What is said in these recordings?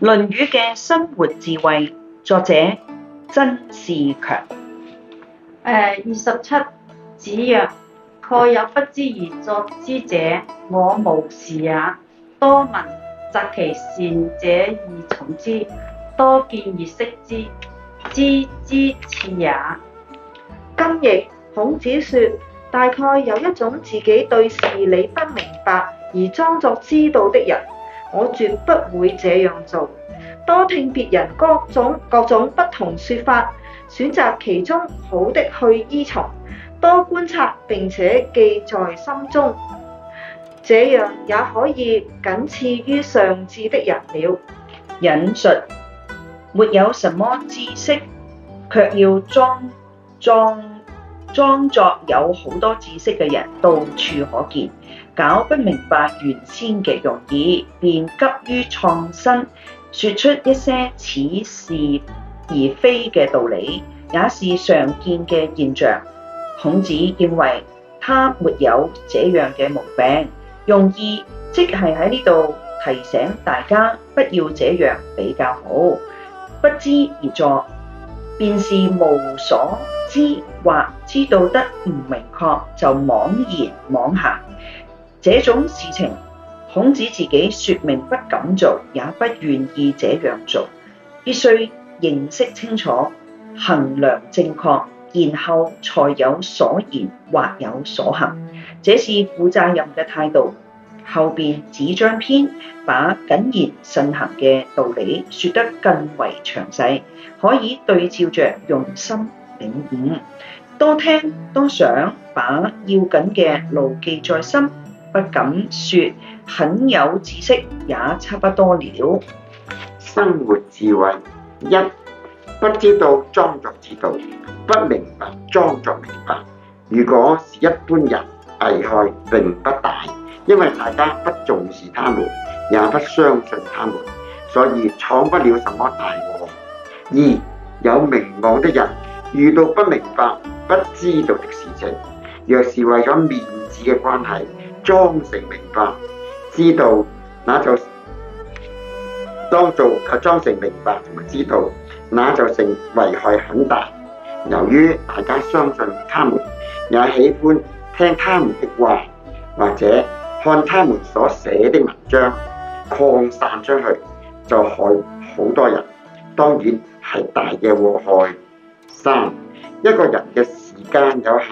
《論語》嘅生活智慧，作者曾仕強。誒、嗯，二十七子曰：蓋有不知而作之者，我無是也。多聞擇其善者而從之，多見而識之，知之次也。今亦孔子説，大概有一種自己對事理不明白而裝作知道的人。我絕不會這樣做。多聽別人各種各種不同説法，選擇其中好的去依從。多觀察並且記在心中，這樣也可以僅次於上智的人了。隱術沒有什麼知識，卻要裝裝。裝裝作有好多知識嘅人，到處可見，搞不明白原先嘅用意，便急於創新，説出一些似是而非嘅道理，也是常見嘅現象。孔子認為他沒有這樣嘅毛病，用意即係喺呢度提醒大家不要這樣比較好，不知而作。便是無所知或知道得唔明確，就妄言妄行。這種事情，孔子自己說明不敢做，也不願意這樣做。必須認識清楚，衡量正確，然後才有所言或有所行。這是負責任嘅態度。後邊紙張篇把謹言慎行嘅道理説得更為詳細，可以對照着用心領悟，多聽多想，把要緊嘅牢記在心，不敢説很有知識，也差不多了。生活智慧一，不知道裝作知道，不明白裝作明白，如果是一般人危害並不大。因為大家不重視他們，也不相信他們，所以闖不了什麼大禍。二有名望的人遇到不明白、不知道的事情，若是為咗面子嘅關係裝成明白知道，那就當做及裝成明白同埋知道，那就成危害很大。由於大家相信他們，也喜歡聽他們的話，或者。看他們所寫的文章擴散出去，就害好多人。當然係大嘅禍害。三一個人嘅時間有限，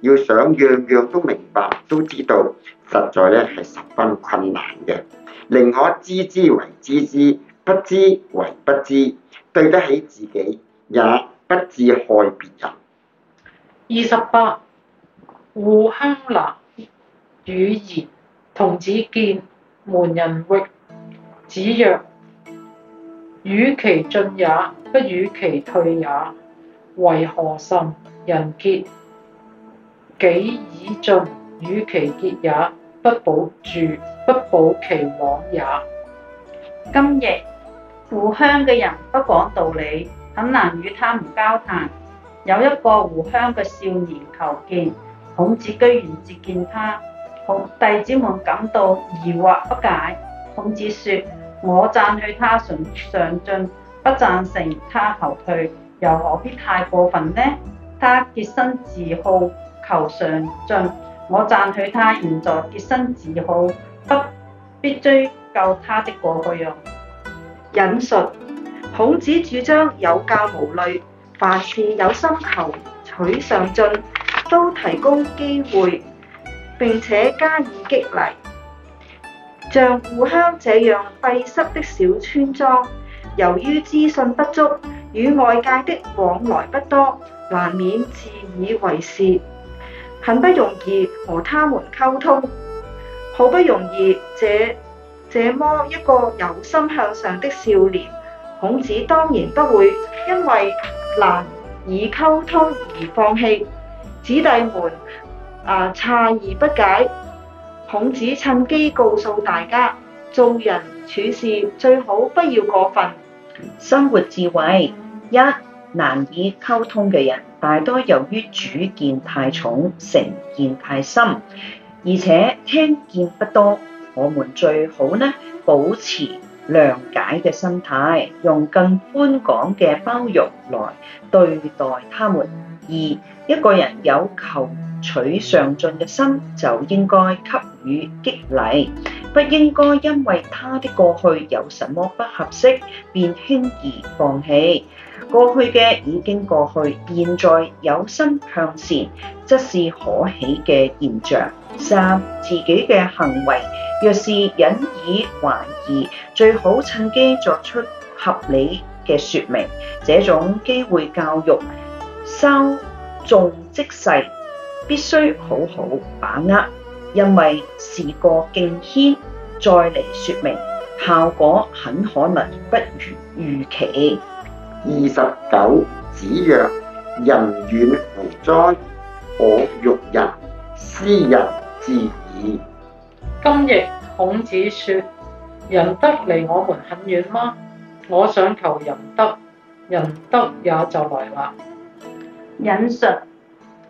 要想樣樣都明白都知道，實在咧係十分困難嘅。寧可知之為知之，不知為不知，對得起自己，也不至害別人。二十八，互鄉難。語言：「童子見門人，欲子曰：與其進也，不與其退也。為何甚人潔？己以進，與其潔也，不保住，不保其往也。今日，互鄉嘅人不講道理，很難與他們交談。有一個互鄉嘅少年求見，孔子居然接見他。弟子們感到疑惑不解。孔子說：我讚許他上上進，不贊成他後退，又何必太過分呢？他潔身自好求上進，我讚許他現在潔身自好，不必追究他的過去哦。引述孔子主張有教無類，凡是有心求取上進，都提供機會。並且加以激勵。像故鄉這樣閉塞的小村莊，由於資訊不足，與外界的往來不多，難免自以為是，很不容易和他們溝通。好不容易，這這麼一個有心向上的少年，孔子當然不會因為難以溝通而放棄子弟們。啊！詫異不解，孔子趁機告訴大家：做人處事最好不要過分。生活智慧一：難以溝通嘅人大多由於主見太重、成見太深，而且聽見不多。我們最好呢，保持諒解嘅心態，用更寬廣嘅包容來對待他們。二一個人有求取上進嘅心就應該給予激勵，不應該因為他的過去有什麼不合適，便輕易放棄。過去嘅已經過去，現在有心向善，則是可喜嘅現象。三自己嘅行為若是引以懷疑，最好趁機作出合理嘅説明。這種機會教育，稍縱即逝。必須好好把握，因為事過境遷，再嚟說明，效果很可能不如預期。二十九，子曰：仁遠乎哉？我欲仁，斯仁至矣。今日孔子說，仁德離我們很遠嗎？我想求仁德，仁德也就來啦。引述。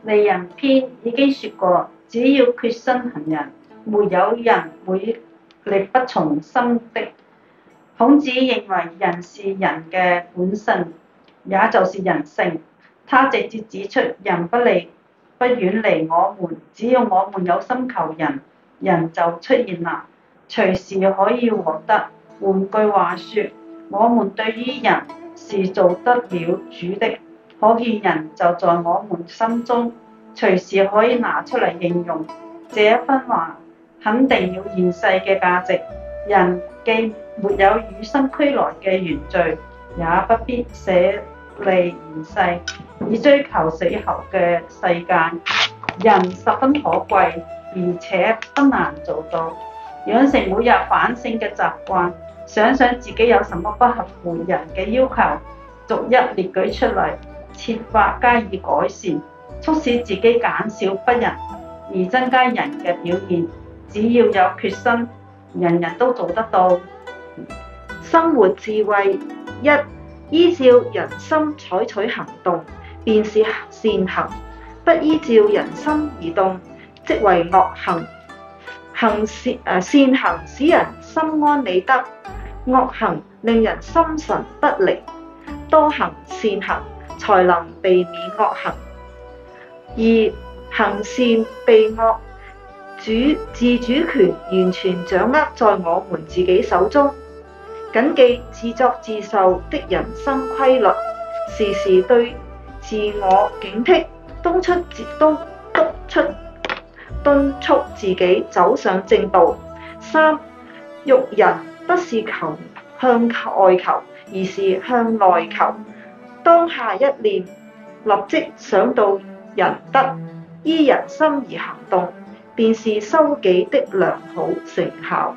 里仁篇已經說過，只要決心行仁，沒有人會力不從心的。孔子認為仁是人嘅本性，也就是人性。他直接指出仁不離，不遠離我們，只要我們有心求仁，仁就出現啦，隨時可以獲得。換句話說，我們對於仁是做得了主的。可見人就在我們心中，隨時可以拿出嚟應用。這一番話肯定要現世嘅價值。人既沒有與生俱來嘅原罪，也不必捨離現世以追求死後嘅世界。人十分可貴，而且不難做到，養成每日反省嘅習慣，想想自己有什麼不合乎人嘅要求，逐一列舉出嚟。設法加以改善，促使自己減少不仁，而增加人嘅表現。只要有決心，人人都做得到。生活智慧一：依照人心採取行動，便是善行；不依照人心而動，即為惡行。行善誒善行使人心安理得，惡行令人心神不寧。多行善行，才能避免惡行，二行善避惡，主自主權完全掌握在我們自己手中。緊記自作自受的人生規律，時時對自我警惕，督促自督促自己走上正道。三育人不是求向外求，而是向內求。當下一念，立即想到仁德，依人心而行動，便是修己的良好成效。